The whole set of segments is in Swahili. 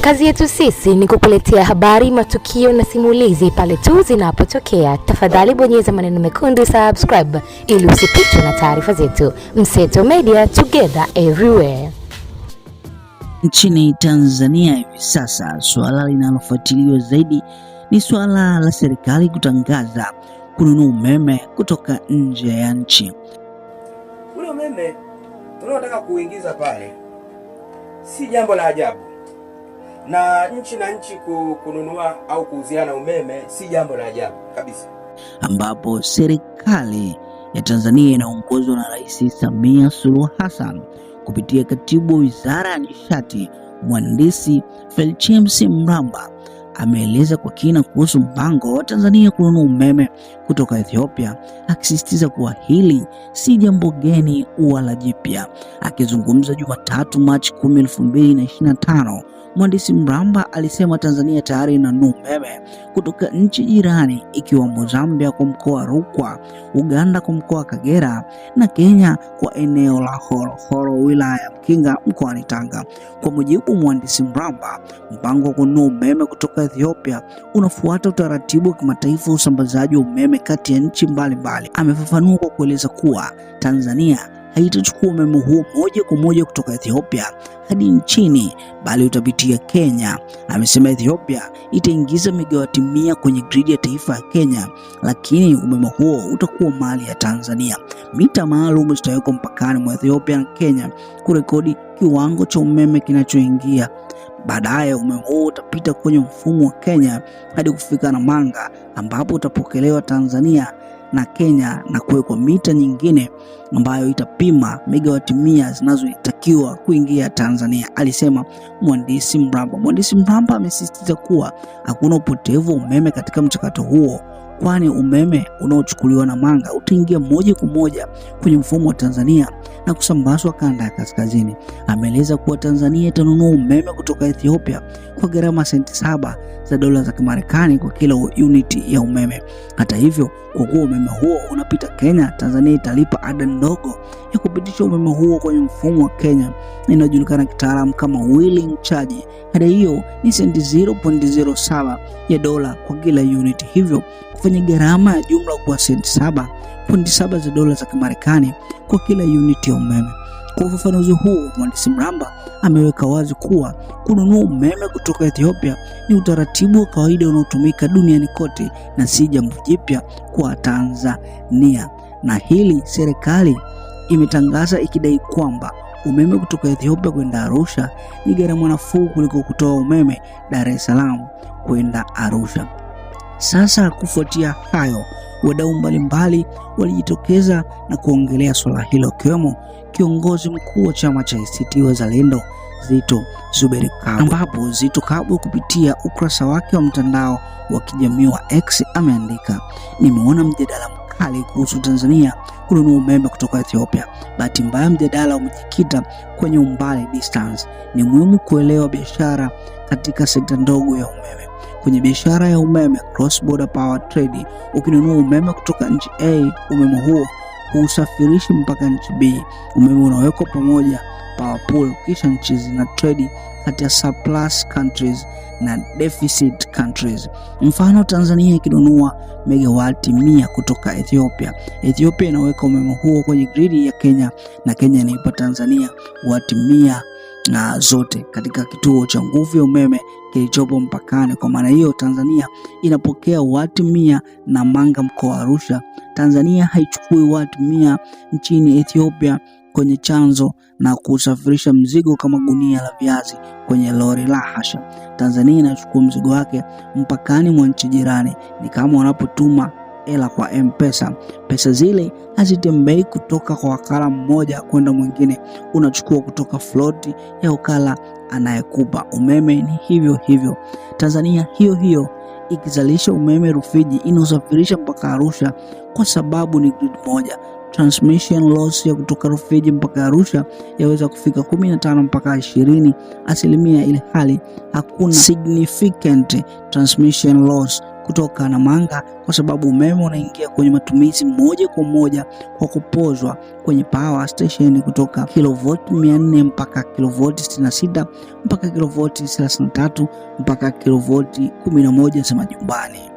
Kazi yetu sisi ni kukuletea habari, matukio na simulizi pale tu zinapotokea. Tafadhali bonyeza maneno mekundu subscribe ili usipitwe na taarifa zetu. Mseto Media, together everywhere. Nchini Tanzania hivi sasa, suala linalofuatiliwa zaidi ni suala la serikali kutangaza kununua umeme kutoka nje ya nchi. Ule umeme tunaotaka kuingiza pale si jambo la ajabu, na nchi na nchi kununua au kuuziana umeme si jambo la ajabu kabisa, ambapo serikali ya Tanzania inaongozwa na Rais Samia Suluhu Hassan kupitia katibu wa wizara ya nishati Mhandisi Felchemsi Mramba ameeleza kwa kina kuhusu mpango wa Tanzania kununua umeme kutoka Ethiopia, akisisitiza kuwa hili si jambo geni wala jipya. Akizungumza Jumatatu Machi 10, 2025 Mhandisi Mramba alisema Tanzania tayari inanua umeme kutoka nchi jirani ikiwamo Zambia kwa mkoa wa Rukwa, Uganda kwa mkoa wa Kagera na Kenya kwa eneo la Horohoro wilaya ya Mkinga mkoani Tanga. Kwa mujibu Mhandisi Mramba, mpango wa kununua umeme kutoka Ethiopia unafuata utaratibu wa kimataifa usambazaji wa umeme kati ya nchi mbalimbali. Amefafanua kwa kueleza kuwa Tanzania haitachukua umeme huo moja kwa moja kutoka Ethiopia hadi nchini bali utapitia Kenya. Amesema Ethiopia itaingiza megawati mia kwenye gridi ya taifa ya Kenya, lakini umeme huo utakuwa mali ya Tanzania. Mita maalum zitawekwa mpakani mwa Ethiopia na Kenya kurekodi kiwango cha umeme kinachoingia. Baadaye umeme huo utapita kwenye mfumo wa Kenya hadi kufika Namanga ambapo utapokelewa Tanzania na Kenya na kuwekwa mita nyingine ambayo itapima megawati mia zinazotakiwa kuingia Tanzania, alisema mhandisi Mramba. Mhandisi Mramba amesisitiza kuwa hakuna upotevu wa umeme katika mchakato huo kwani umeme unaochukuliwa na Manga utaingia moja kwa moja kwenye mfumo wa Tanzania na kusambazwa kanda ya kaskazini. Ameeleza kuwa Tanzania itanunua umeme kutoka Ethiopia kwa gharama senti saba za dola za Kimarekani kwa kila uniti ya umeme. Hata hivyo, kwa kuwa umeme huo unapita Kenya, Tanzania italipa ada ndogo ya kupitisha umeme huo kwenye mfumo wa Kenya inayojulikana kitaalamu kama wheeling charge. Ada hiyo ni senti 0.07 ya dola kwa kila uniti, hivyo kufanya gharama ya jumla kuwa senti 7.7 za dola za Kimarekani kwa kila uniti ya umeme. Kwa ufafanuzi huu mhandisi Mramba ameweka wazi kuwa kununua umeme kutoka Ethiopia ni utaratibu wa kawaida unaotumika duniani kote na si jambo jipya kwa Tanzania, na hili serikali imetangaza ikidai kwamba umeme kutoka Ethiopia kwenda Arusha ni gharama nafuu kuliko kutoa umeme Dar es Salaam kwenda Arusha. Sasa kufuatia hayo, wadau mbalimbali walijitokeza na kuongelea swala hilo, akiwemo kiongozi mkuu wa chama cha ACT Wazalendo Zito Zuberi Kabwe, ambapo Zito Kabwe kupitia ukurasa wake wa mtandao wa kijamii wa X ameandika, nimeona mjadala mkali kuhusu Tanzania kununua umeme kutoka Ethiopia. Bahati mbaya, mjadala umejikita kwenye umbali distance. Ni muhimu kuelewa biashara katika sekta ndogo ya umeme. Kwenye biashara ya umeme cross border power trade, ukinunua umeme kutoka nchi A, umeme huo usafirishi mpaka nchi B. Umeme unawekwa pamoja power pool, kisha nchi zina trade kati ya surplus countries na deficit countries. Mfano, Tanzania ikinunua megawati mia kutoka Ethiopia, Ethiopia inaweka umeme huo kwenye gridi ya Kenya na Kenya inaipa Tanzania wati mia na zote katika kituo cha nguvu ya umeme kilichopo mpakani. Kwa maana hiyo, Tanzania inapokea watu mia na Manga mkoa wa Arusha. Tanzania haichukui watu mia nchini Ethiopia kwenye chanzo na kusafirisha mzigo kama gunia la viazi kwenye lori la hasha. Tanzania inachukua mzigo wake mpakani mwa nchi jirani, ni kama wanapotuma hela kwa M-Pesa. Pesa zile hazitembei kutoka kwa wakala mmoja kwenda mwingine, unachukua kutoka floti ya wakala anayekupa umeme. Ni hivyo hivyo Tanzania hiyo hiyo ikizalisha umeme Rufiji inaosafirisha mpaka Arusha kwa sababu ni grid moja. Transmission loss ya kutoka Rufiji mpaka Arusha yaweza kufika 15 mpaka 20 asilimia, ili hali hakuna significant transmission loss kutoka na manga, kwa sababu umeme unaingia kwenye matumizi moja kwa moja kwa kupozwa kwenye power station kutoka kilovoti 400 mpaka kilovoti 66 mpaka kilovoti 33 mpaka kilovoti 11 za majumbani.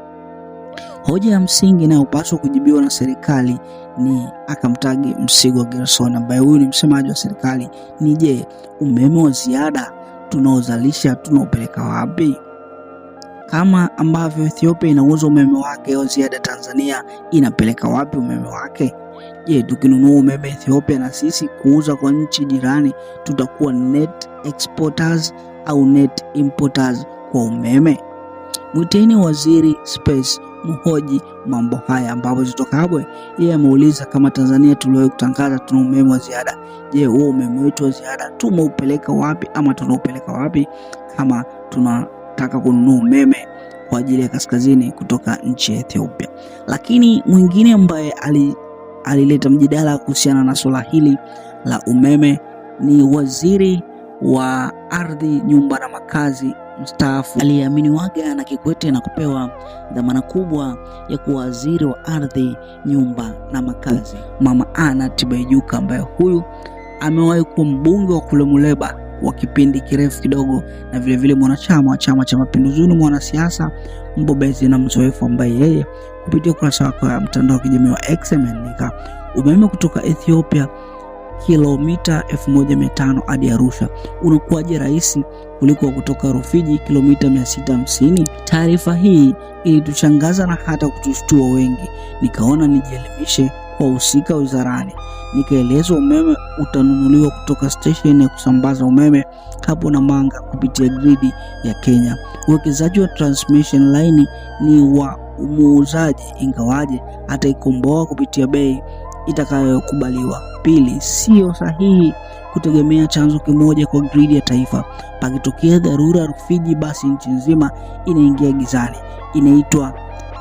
Hoja ya msingi inayopaswa kujibiwa na serikali ni akamtagi wa Gerson, ambaye huyu ni msemaji wa serikali, ni je, umeme wa ziada tunaozalisha tunaopeleka wapi? kama ambavyo Ethiopia inauza umeme wake au ziada, Tanzania inapeleka wapi umeme wake? Je, tukinunua umeme Ethiopia na sisi kuuza kwa nchi jirani tutakuwa net exporters au net importers kwa umeme? Mwiteni waziri space mhoji mambo haya, ambapo Zitto Kabwe yeye ameuliza kama Tanzania tuliwahi kutangaza tuna umeme wa ziada. Je, huo umeme wetu wa ziada tumeupeleka wapi ama tunaupeleka wapi kama tuna kutaka kununua umeme kwa ajili ya kaskazini kutoka nchi ya Ethiopia. Lakini mwingine ambaye alileta mjadala kuhusiana na suala hili la umeme ni waziri wa ardhi, nyumba na makazi mstaafu aliyeaminiwaga na Kikwete na kupewa dhamana kubwa ya kuwa waziri wa ardhi, nyumba na makazi, Mama Anna Tibaijuka, ambaye huyu amewahi kuwa mbunge wa kule Muleba wa kipindi kirefu kidogo, na vilevile mwanachama wa Chama cha Mapinduzi, mwanasiasa mbobezi na mzoefu, ambaye yeye kupitia ukurasa wake wa mtandao wa kijamii wa X ameandika umeme kutoka Ethiopia kilomita 1500 hadi Arusha unakuwaje rahisi kuliko kutoka Rufiji kilomita 650? Taarifa hii ilitushangaza na hata kutushtua wengi, nikaona nijielimishe wahusika wizarani. Nikaelezwa umeme utanunuliwa kutoka stesheni ya kusambaza umeme hapo na manga kupitia gridi ya Kenya. Uwekezaji wa transmission line ni wa muuzaji, ingawaje ataikomboa kupitia bei itakayokubaliwa. Pili, sio sahihi kutegemea chanzo kimoja kwa gridi ya taifa. Pakitokea dharura Rufiji, basi nchi nzima inaingia gizani. Inaitwa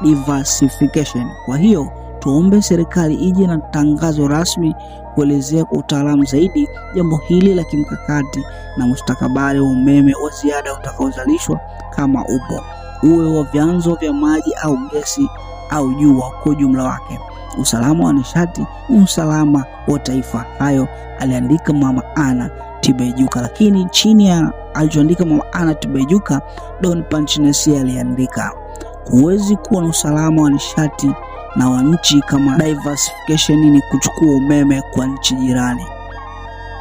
diversification. Kwa hiyo tuombe serikali ije na tangazo rasmi kuelezea kwa utaalamu zaidi jambo hili la kimkakati na mustakabali wa umeme wa ziada utakaozalishwa kama upo, uwe wa vyanzo vya maji au gesi au jua kwa ujumla wake. Usalama wa nishati ni usalama wa taifa. Hayo aliandika Mama Anna Tibaijuka, lakini chini ya alichoandika Mama Anna Tibaijuka, Don Panchinesi aliandika, huwezi kuwa na usalama wa nishati na wa nchi kama diversification ni kuchukua umeme kwa nchi jirani.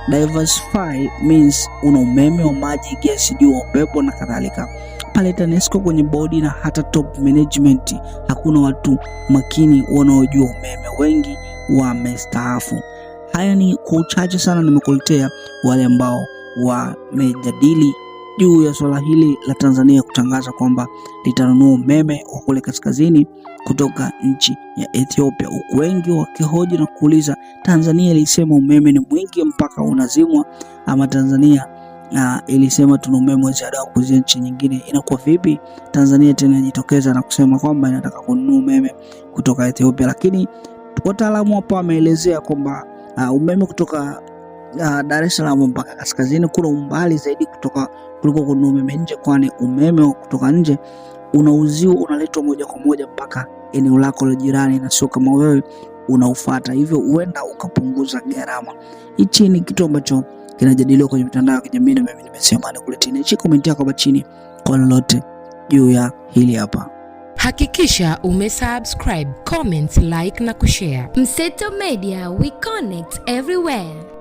Diversify means una umeme wa maji, gesi, jua, upepo na kadhalika. Pale TANESCO kwenye bodi na hata top management hakuna watu makini wanaojua umeme, wengi wamestaafu. Haya ni kwa uchache sana nimekuletea wale ambao wamejadili juu ya swala hili la Tanzania kutangaza kwamba litanunua umeme wa kule kaskazini kutoka nchi ya Ethiopia, huku wengi wakihoji na kuuliza, Tanzania ilisema umeme ni mwingi mpaka unazimwa, ama Tanzania na ilisema tuna umeme wa ziada wa kuzia nchi nyingine. Inakuwa vipi Tanzania tena inajitokeza na kusema kwamba inataka kununua umeme kutoka Ethiopia? Lakini wataalamu hapa wameelezea kwamba uh, umeme kutoka uh, Dar es Salaam mpaka kaskazini kuna umbali zaidi kutoka kuliko kuna umeme nje, kwani umeme wa kutoka nje unauziwa unaletwa moja kwa moja mpaka eneo lako la jirani, na sio kama wewe unaufata, hivyo huenda ukapunguza gharama. Hichi ni kitu ambacho kinajadiliwa kwenye mitandao ya kijamii na mimi nimesema na kuletea hichi. yako hapa chini kwa lolote juu ya hili hapa. Hakikisha umesubscribe, comment, like na kushare. Mseto Media, we connect everywhere.